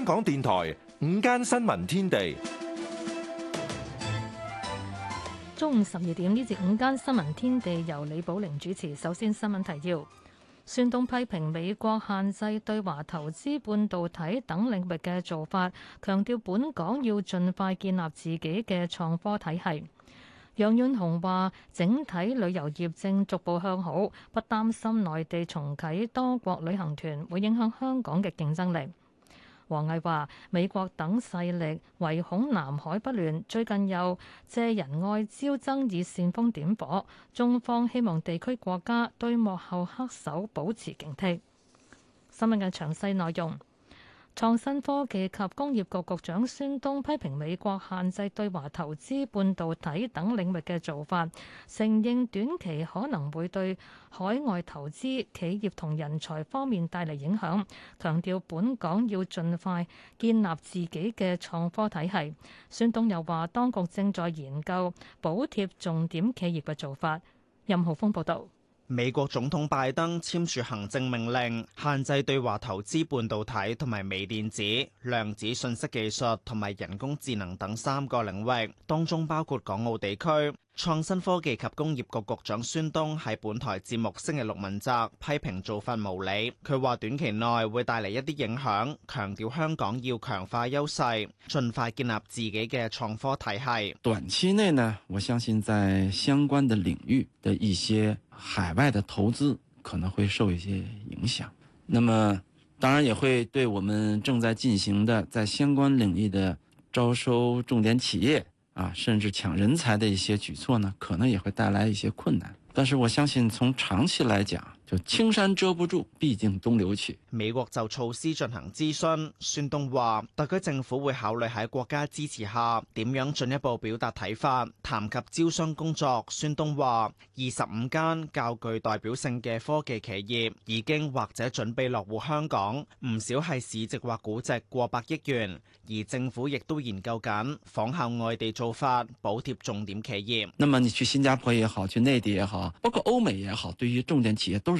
香港電台午間新聞天地，中午十二點呢節午間新聞天地由李寶玲主持。首先，新聞提要：，孫東批評美國限制對華投資、半導體等領域嘅做法，強調本港要盡快建立自己嘅創科體系。楊潤雄話，整體旅遊業正逐步向好，不擔心內地重啟多國旅行團會影響香港嘅競爭力。王毅話：美國等勢力唯恐南海不亂，最近又借仁愛礁爭議煽風點火，中方希望地區國家對幕後黑手保持警惕。新聞嘅詳細內容。創新科技及工業局局長孫東批評美國限制對華投資半導體等領域嘅做法，承認短期可能會對海外投資企業同人才方面帶嚟影響，強調本港要盡快建立自己嘅創科體系。孫東又話，當局正在研究補貼重點企業嘅做法。任浩峰報道。美國總統拜登簽署行政命令，限制對華投資半導體同埋微電子、量子信息技術同埋人工智能等三個領域，當中包括港澳地區。創新科技及工業局局長孫東喺本台節目《星期六問責》批評做法無理，佢話短期內會帶嚟一啲影響，強調香港要強化優勢，盡快建立自己嘅創科體系。短期內呢，我相信在相關的領域嘅一些海外的投資可能會受一些影響，那麼當然也會對我們正在進行的在相關領域的招收重點企業。啊，甚至搶人才的一些舉措呢，可能也會帶來一些困難。但是我相信從長期來講，就青山遮不住，畢竟東流去。美國就措施進行咨詢，孫東話特區政府會考慮喺國家支持下點樣進一步表達睇法。談及招商工作，孫東話二十五間較具代表性嘅科技企業已經或者準備落戶香港，唔少係市值或估值過百億元，而政府亦都研究緊仿效外地做法，補貼重點企業。那麼你去新加坡也好，去內地也好，包括歐美也好，對於重點企業都。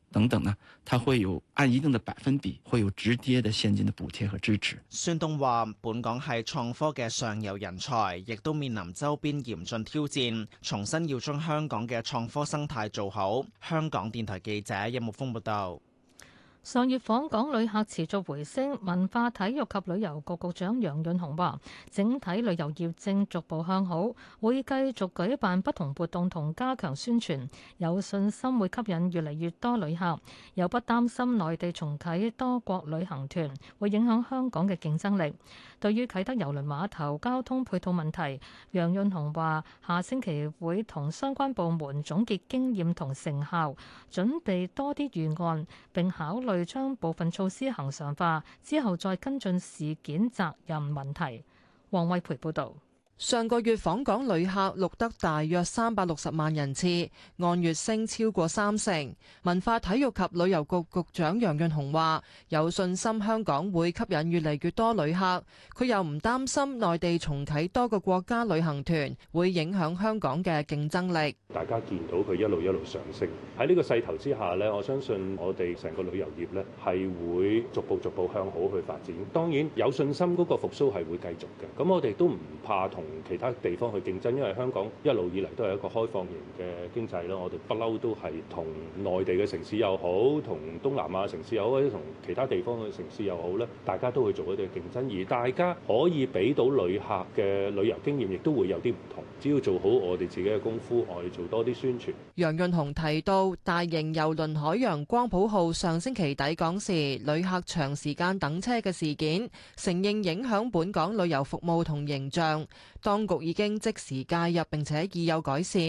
等等呢，它會有按一定的百分比會有直接的現金的補貼和支持。孫東話，本港係創科嘅上游人才，亦都面臨周邊嚴峻挑戰，重新要將香港嘅創科生態做好。香港電台記者任木峰報道。上月訪港旅客持續回升，文化體育及旅遊局局長楊潤雄話：整體旅遊業正逐步向好，會繼續舉辦不同活動同加強宣傳，有信心會吸引越嚟越多旅客。又不擔心內地重啟多國旅行團會影響香港嘅競爭力。對於啟德郵輪碼頭交通配套問題，楊潤雄話：下星期會同相關部門總結經驗同成效，準備多啲預案並考慮。佢將部分措施恒常化，之後再跟進事件責任問題。黃惠培報導。上個月訪港旅客錄得大約三百六十萬人次，按月升超過三成。文化體育及旅遊局局長楊潤雄話：有信心香港會吸引越嚟越多旅客。佢又唔擔心內地重啟多個國家旅行團會影響香港嘅競爭力。大家見到佢一路一路上升，喺呢個勢頭之下呢，我相信我哋成個旅遊業呢係會逐步逐步向好去發展。當然有信心嗰個復甦係會繼續嘅。咁我哋都唔怕同其他地方去競爭，因為香港一路以嚟都係一個開放型嘅經濟啦，我哋不嬲都係同內地嘅城市又好，同東南亞城市又好，或者同其他地方嘅城市又好咧，大家都會做佢啲競爭，而大家可以俾到旅客嘅旅遊經驗亦都會有啲唔同。只要做好我哋自己嘅功夫，我哋做多啲宣傳。楊潤雄提到大型郵輪海洋光譜號上星期抵港時，旅客長時間等車嘅事件，承認影響本港旅遊服務同形象。當局已經即時介入，並且已有改善。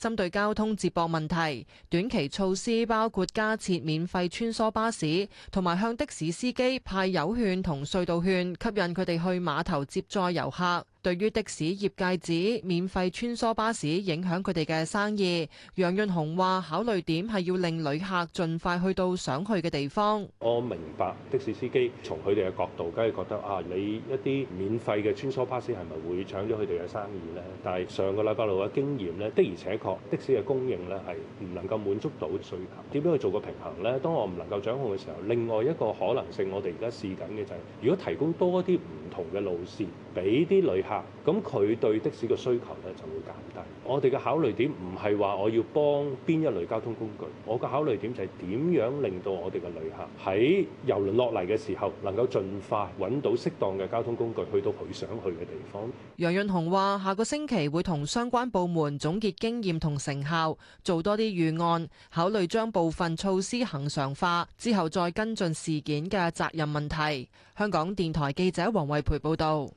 針對交通接駁問題，短期措施包括加設免費穿梭巴士，同埋向的士司機派油券同隧道券，吸引佢哋去碼頭接載遊客。對於的士業界指免費穿梭巴士影響佢哋嘅生意，楊潤雄話：考慮點係要令旅客盡快去到想去嘅地方。我明白的士司機從佢哋嘅角度，梗係覺得啊，你一啲免費嘅穿梭巴士係咪會搶咗佢哋嘅生意呢？但係上個禮拜六嘅經驗呢，的而且確的士嘅供應呢係唔能夠滿足到需求。點樣去做個平衡呢？當我唔能夠掌控嘅時候，另外一個可能性，我哋而家試緊嘅就係，如果提供多一啲唔同嘅路線俾啲旅客。咁佢、嗯、對的士嘅需求咧就會減低。我哋嘅考慮點唔係話我要幫邊一類交通工具，我嘅考慮點就係點樣令到我哋嘅旅客喺郵輪落嚟嘅時候能夠盡快揾到適當嘅交通工具去到佢想去嘅地方。楊潤雄話：下個星期會同相關部門總結經驗同成效，做多啲預案，考慮將部分措施恒常化，之後再跟進事件嘅責任問題。香港電台記者黃惠培報導。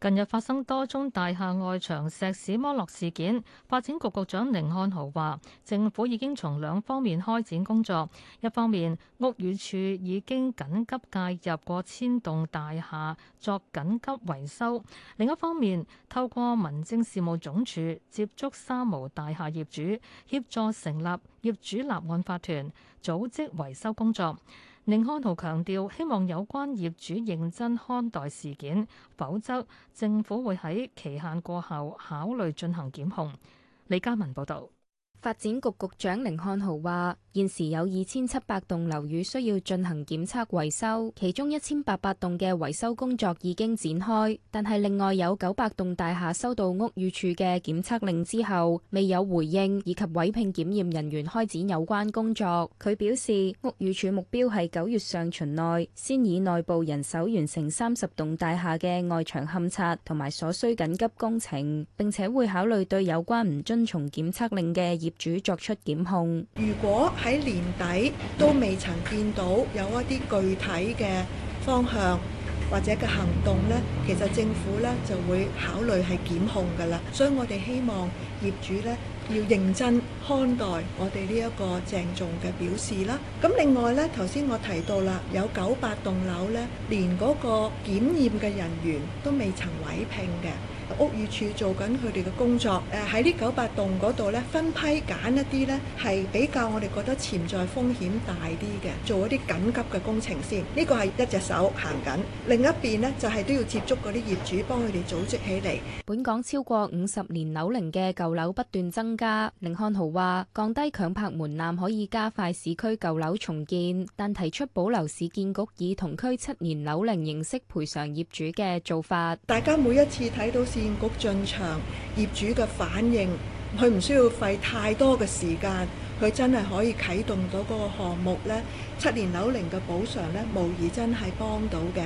近日發生多宗大廈外牆石屎剝落事件，發展局局長寧漢豪話：政府已經從兩方面開展工作，一方面屋宇署已經緊急介入過千棟大廈作緊急維修，另一方面透過民政事務總署接觸三無大廈業主，協助成立業主立案法團，組織維修工作。凌康豪強調，希望有關業主認真看待事件，否則政府會喺期限過後考慮進行檢控。李嘉文報導。發展局局長寧漢豪話：現時有二千七百棟樓宇需要進行檢測維修，其中一千八百棟嘅維修工作已經展開，但係另外有九百棟大廈收到屋宇署嘅檢測令之後，未有回應以及委聘檢驗人員開展有關工作。佢表示，屋宇署目標係九月上旬內先以內部人手完成三十棟大廈嘅外牆勘察同埋所需緊急工程，並且會考慮對有關唔遵從檢測令嘅。業主作出檢控。如果喺年底都未曾見到有一啲具體嘅方向或者嘅行動呢，其實政府呢就會考慮係檢控噶啦。所以我哋希望業主呢要認真看待我哋呢一個鄭重嘅表示啦。咁另外呢，頭先我提到啦，有九百棟樓呢連嗰個檢驗嘅人員都未曾委聘嘅。屋宇署做緊佢哋嘅工作，誒喺呢九百棟嗰度呢分批揀一啲呢係比較我哋覺得潛在風險大啲嘅，做一啲緊急嘅工程先。呢個係一隻手行緊，另一邊呢，就係都要接觸嗰啲業主，幫佢哋組織起嚟。本港超過五十年樓齡嘅舊樓不斷增加，甯漢豪話降低強拍門檻可以加快市區舊樓重建，但提出保留市建局以同區七年樓齡形式賠償業主嘅做法。做法大家每一次睇到。市建局進場業主嘅反應，佢唔需要費太多嘅時間，佢真係可以啟動到嗰個項目咧。七年樓齡嘅補償咧，無疑真係幫到嘅。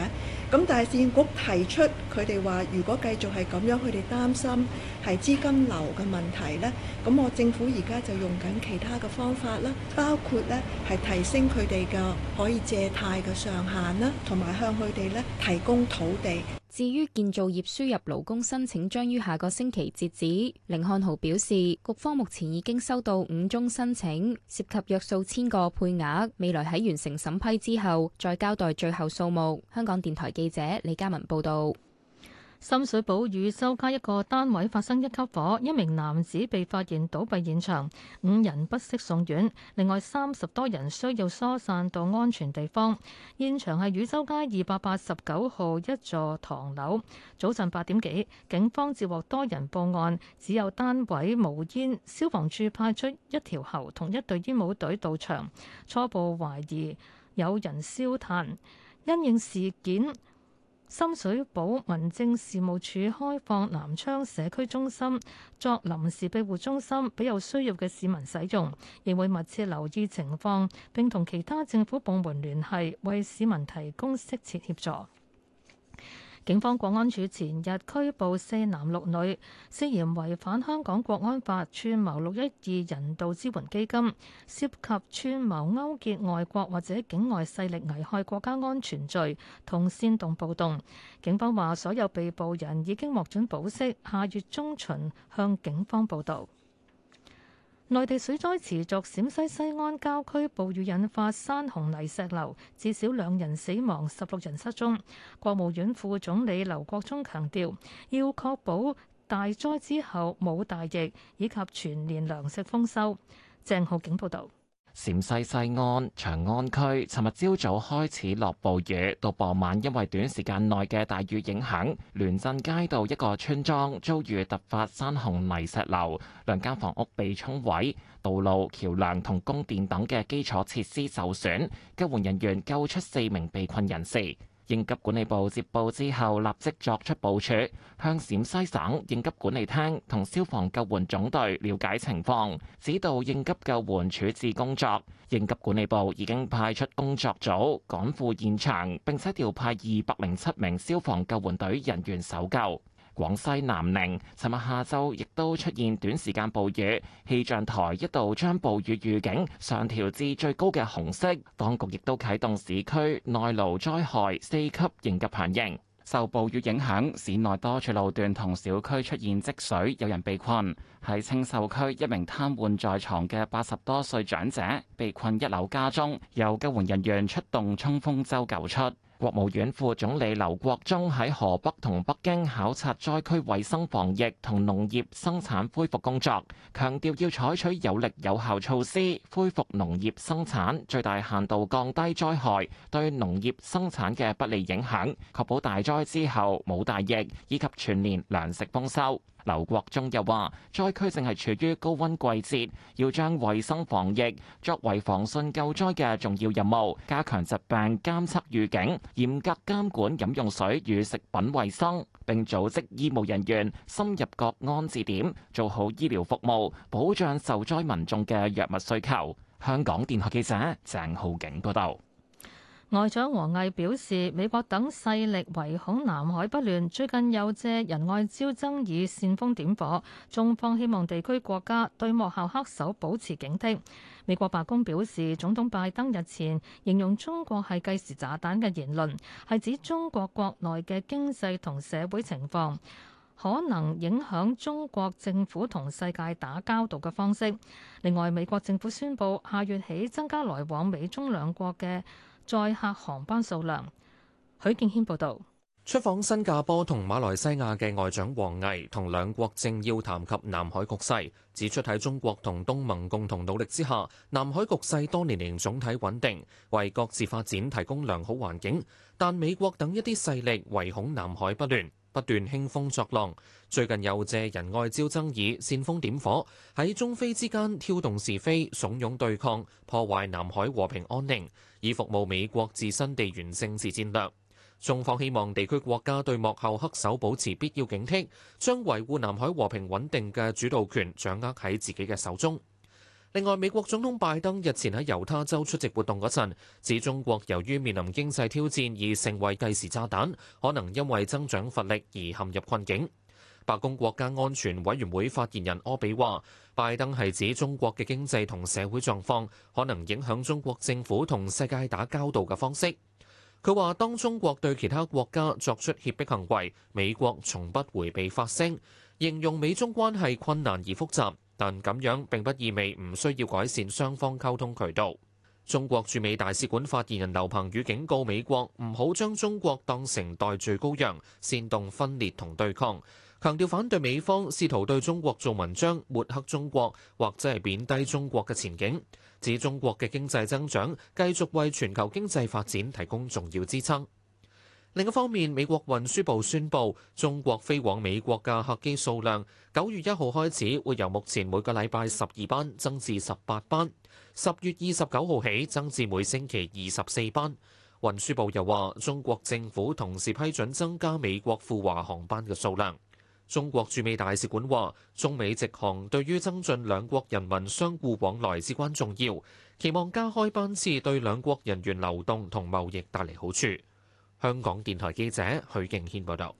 咁但係市建局提出佢哋話，如果繼續係咁樣，佢哋擔心係資金流嘅問題咧。咁我政府而家就用緊其他嘅方法啦，包括咧係提升佢哋嘅可以借貸嘅上限啦，同埋向佢哋咧提供土地。至於建造業輸入勞工申請將於下個星期截止。凌漢豪表示，局方目前已經收到五宗申請，涉及約數千個配額。未來喺完成審批之後，再交代最後數目。香港電台記者李嘉文報道。深水埗汝州街一個單位發生一級火，一名男子被發現倒斃現場，五人不適送院，另外三十多人需要疏散到安全地方。現場係汝州街二百八十九號一座唐樓。早晨八點幾，警方接獲多人報案，只有單位冒煙，消防處派出一條喉同一隊煙帽隊到場，初步懷疑有人燒炭，因應事件。深水埗民政事務處開放南昌社區中心，作臨時庇護中心，俾有需要嘅市民使用。亦會密切留意情況，並同其他政府部門聯繫，為市民提供適切協助。警方國安處前日拘捕四男六女，涉嫌違反香港國安法串謀六一二人道支援基金，涉及串謀勾結外國或者境外勢力危害國家安全罪同煽動暴動。警方話，所有被捕人已經獲准保釋，下月中旬向警方報到。內地水災持續，陝西西安郊區暴雨引發山洪泥石流，至少兩人死亡，十六人失蹤。國務院副總理劉國中強調，要確保大災之後冇大疫，以及全年糧食豐收。鄭浩景報導。陝西西安長安區，尋日朝早開始落暴雨，到傍晚因為短時間內嘅大雨影響，聯鎮街道一個村莊遭遇突發山洪泥石流，兩間房屋被沖毀，道路、橋樑同供電等嘅基礎設施受損，救援人員救出四名被困人士。應急管理部接報之後，立即作出部署，向陝西省應急管理廳同消防救援總隊了解情況，指導應急救援處置工作。應急管理部已經派出工作組趕赴現場，並且調派二百零七名消防救援隊人員搜救。廣西南寧尋日下晝亦都出現短時間暴雨，氣象台一度將暴雨預警上調至最高嘅紅色，當局亦都啟動市區內澇災害四級應急響應。受暴雨影響，市內多處路段同小區出現積水，有人被困。喺青秀區，一名癱瘓在床嘅八十多歲長者被困一樓家中，有救援人員出動衝鋒舟救出。國務院副總理劉國中喺河北同北京考察災區衛生防疫同農業生產恢復工作，強調要採取有力有效措施，恢復農業生產，最大限度降低災害對農業生產嘅不利影響，確保大災之後冇大疫，以及全年糧食豐收。劉國中又話：災區正係處於高温季節，要將衛生防疫作為防汛救災嘅重要任務，加強疾病監測預警，嚴格監管飲用水與食品衛生，並組織醫務人員深入各安置點，做好醫療服務，保障受災民眾嘅藥物需求。香港電台記者鄭浩景報道。外長王毅表示，美國等勢力唯恐南海不亂，最近又借仁愛礁爭議煽風點火。中方希望地區國家對幕後黑手保持警惕。美國白宮表示，總統拜登日前形容中國係計時炸彈嘅言論，係指中國國內嘅經濟同社會情況可能影響中國政府同世界打交道嘅方式。另外，美國政府宣布下月起增加來往美中兩國嘅載客航班數量。許敬軒報導，出訪新加坡同馬來西亞嘅外長王毅同兩國政要談及南海局勢，指出喺中國同東盟共同努力之下，南海局勢多年嚟總體穩定，為各自發展提供良好環境。但美國等一啲勢力唯恐南海不亂，不斷興風作浪，最近又借仁愛礁爭議，煽風點火，喺中菲之間挑動是非、慫恿對抗、破壞南海和平安寧，以服務美國自身地緣政治戰略。中方希望地區國家對幕後黑手保持必要警惕，將維護南海和平穩定嘅主導權掌握喺自己嘅手中。另外，美國總統拜登日前喺猶他州出席活動嗰陣，指中國由於面臨經濟挑戰，而成為計時炸彈，可能因為增長乏力而陷入困境。白宮國家安全委員會發言人柯比話：拜登係指中國嘅經濟同社會狀況，可能影響中國政府同世界打交道嘅方式。佢話：當中國對其他國家作出脅迫行為，美國從不迴避發聲，形容美中關係困難而複雜。但咁樣並不意味唔需要改善雙方溝通渠道。中國駐美大使館發言人劉鵬宇警告美國，唔好將中國當成代罪羔羊，煽動分裂同對抗，強調反對美方試圖對中國做文章、抹黑中國或者係貶低中國嘅前景，指中國嘅經濟增長繼續為全球經濟發展提供重要支撐。另一方面，美國運輸部宣布，中國飛往美國嘅客機數量九月一號開始會由目前每個禮拜十二班增至十八班，十月二十九號起增至每星期二十四班。運輸部又話，中國政府同時批准增加美國赴華航班嘅數量。中國駐美大使館話，中美直航對於增進兩國人民相互往來至關重要，期望加開班次對兩國人員流動同貿易帶嚟好處。香港電台記者許敬軒報道，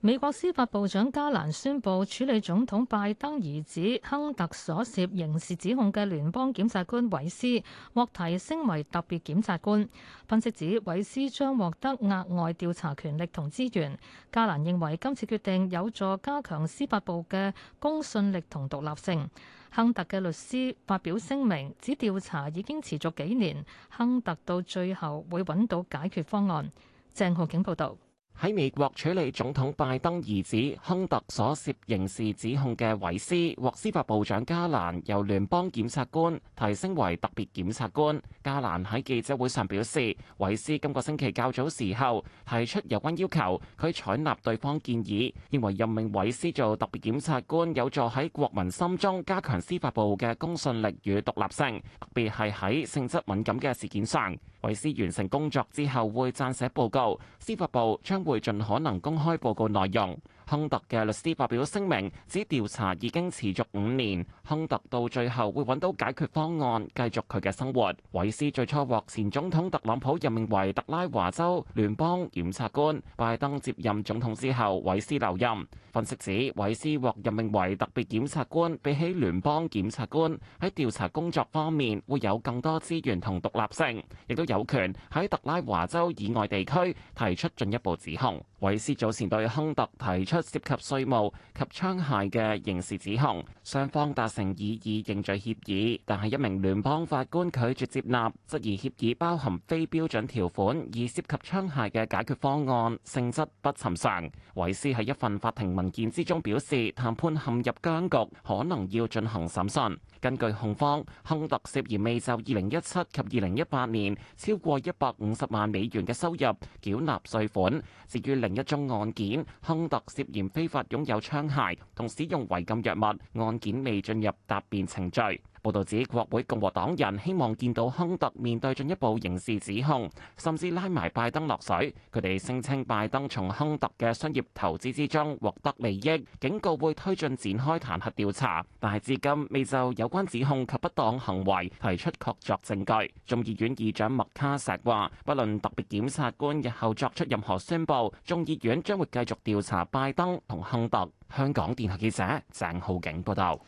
美國司法部長加蘭宣布，處理總統拜登兒子亨特所涉刑事指控嘅聯邦檢察官韋斯獲提升為特別檢察官。分析指韋斯將獲得額外調查權力同資源。加蘭認為今次決定有助加強司法部嘅公信力同獨立性。亨特嘅律師發表聲明，指調查已經持續幾年，亨特到最後會揾到解決方案。鄭浩景報道：喺美國處理總統拜登兒子亨特所涉刑事指控嘅韋斯獲司法部長加蘭由聯邦檢察官提升為特別檢察官。加蘭喺記者會上表示，韋斯今個星期較早時候提出有關要求，佢採納對方建議，認為任命韋斯做特別檢察官有助喺國民心中加強司法部嘅公信力與獨立性，特別係喺性質敏感嘅事件上。委師完成工作之後，會撰寫報告，司法部將會盡可能公開報告內容。亨特嘅律師發表聲明，指調查已經持續五年，亨特到最後會揾到解決方案，繼續佢嘅生活。韋斯最初獲前總統特朗普任命為特拉華州聯邦檢察官，拜登接任總統之後，韋斯留任。分析指，韋斯獲任命為特別檢察官，比起聯邦檢察官，喺調查工作方面會有更多資源同獨立性，亦都有權喺特拉華州以外地區提出進一步指控。韋斯早前對亨特提出涉及稅務及槍械嘅刑事指控，雙方達成異議認罪協議，但係一名聯邦法官拒絕接納，質疑協議包含非標準條款，而涉及槍械嘅解決方案性質不尋常。韋斯喺一份法庭文件之中表示，談判陷入僵局，可能要進行審訊。根據控方，亨特涉嫌未就二零一七及二零一八年超過一百五十萬美元嘅收入繳納稅款。至於另一宗案件，亨特涉嫌非法擁有槍械同使用違禁藥物，案件未進入答辯程序。報道指國會共和黨人希望見到亨特面對進一步刑事指控，甚至拉埋拜登落水。佢哋聲稱拜登從亨特嘅商業投資之中獲得利益，警告會推進展開彈劾調查。但係至今未就有關指控及不當行為提出確鑿證據。眾議院議長麥卡錫話，不論特別檢察官日後作出任何宣佈，眾議院將會繼續調查拜登同亨特。香港電台記者鄭浩景報道。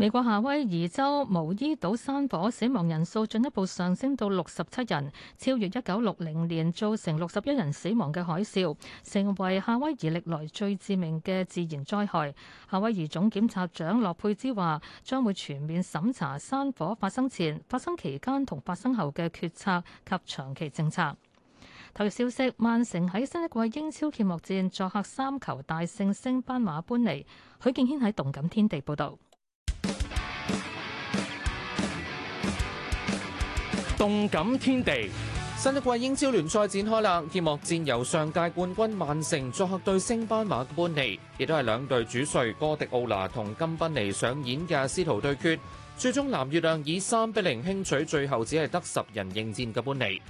美國夏威夷州毛伊島山火死亡人數進一步上升到六十七人，超越一九六零年造成六十一人死亡嘅海嘯，成為夏威夷歷來最致命嘅自然災害。夏威夷總檢察長洛佩茲話：將會全面審查山火發生前、發生期間同發生後嘅決策及長期政策。頭條消息：曼城喺新一季英超揭幕戰作客三球大勝升班馬般尼。許敬軒喺動感天地報道。動感天地，新一季英超聯賽展開啦！揭幕戰由上屆冠軍曼城作客對升班馬般尼，亦都係兩隊主帥哥迪奧拿同金賓尼上演嘅師徒對決。最終藍月亮以三比零輕取，最後只係得十人應戰嘅般尼。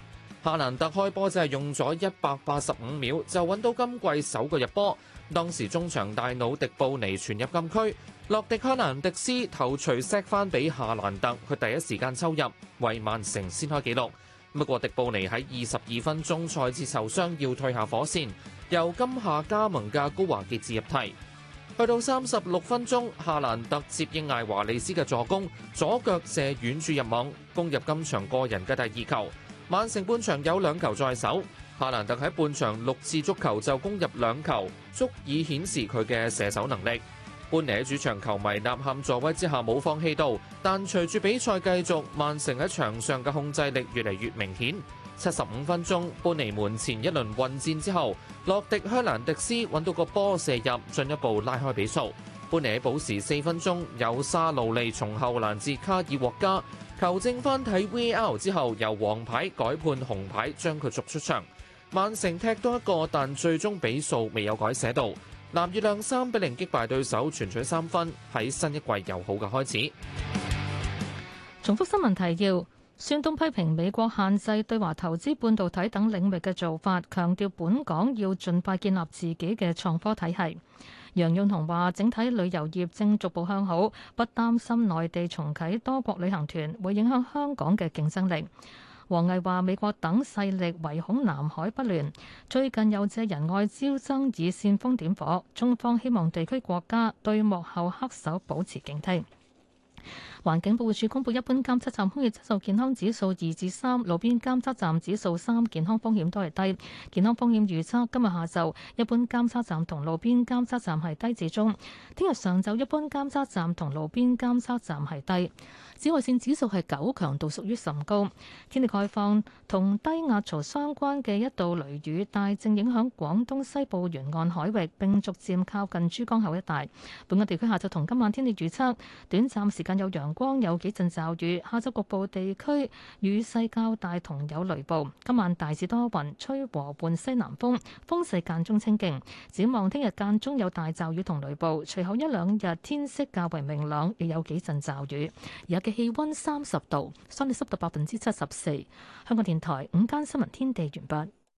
夏蘭特開波就係用咗一百八十五秒就揾到今季首個入波，當時中場大腦迪布尼傳入禁區。洛迪克蘭迪斯頭槌射翻俾夏蘭特，佢第一時間抽入，為曼城先開紀錄。不過迪布尼喺二十二分鐘再次受傷，要退下火線，由今夏加盟嘅高華傑子入替。去到三十六分鐘，夏蘭特接應艾華利斯嘅助攻，左腳射遠柱入網，攻入今場個人嘅第二球。曼城半場有兩球在手，夏蘭特喺半場六次足球就攻入兩球，足以顯示佢嘅射手能力。般尼喺主場球迷吶喊助威之下冇放棄到，但隨住比賽繼續，曼城喺場上嘅控制力越嚟越明顯。七十五分鐘，般尼門前一輪混戰之後，洛迪香蘭迪斯揾到個波射入，進一步拉開比數。般尼喺補時四分鐘，有沙路利從後攔截卡爾獲加，球證翻睇 VAR 之後，由黃牌改判紅牌，將佢逐出場。曼城踢多一個，但最終比數未有改寫到。藍月亮三比零擊敗對手，全取三分，喺新一季友好嘅開始。重複新聞提要：孫東批評美國限制對華投資、半導體等領域嘅做法，強調本港要盡快建立自己嘅創科體系。楊潤雄話，整體旅遊業正逐步向好，不擔心內地重啟多國旅行團會影響香港嘅競爭力。王毅話：美國等勢力唯恐南海不亂，最近又借仁愛礁爭議以煽風點火，中方希望地區國家對幕後黑手保持警惕。環境保護署公布一般監測站空氣質素健康指數二至三，路邊監測站指數三，健康風險都係低。健康風險預測今日下晝一般監測站同路邊監測站係低至中，聽日上晝一般監測站同路邊監測站係低。紫外線指數係九，強度屬於甚高。天氣概況，同低壓槽相關嘅一道雷雨帶正影響廣東西部沿岸海域，並逐漸靠近珠江口一帶。本港地區下晝同今晚天氣預測，短暫時間有陽。光有幾陣驟雨，下晝局部地區雨勢較大同有雷暴。今晚大致多雲，吹和緩西南風，風勢間中清勁。展望聽日間中有大驟雨同雷暴，隨後一兩日天色較為明朗，亦有幾陣驟雨。而家嘅氣温三十度，相對濕度百分之七十四。香港電台午間新聞天地完畢。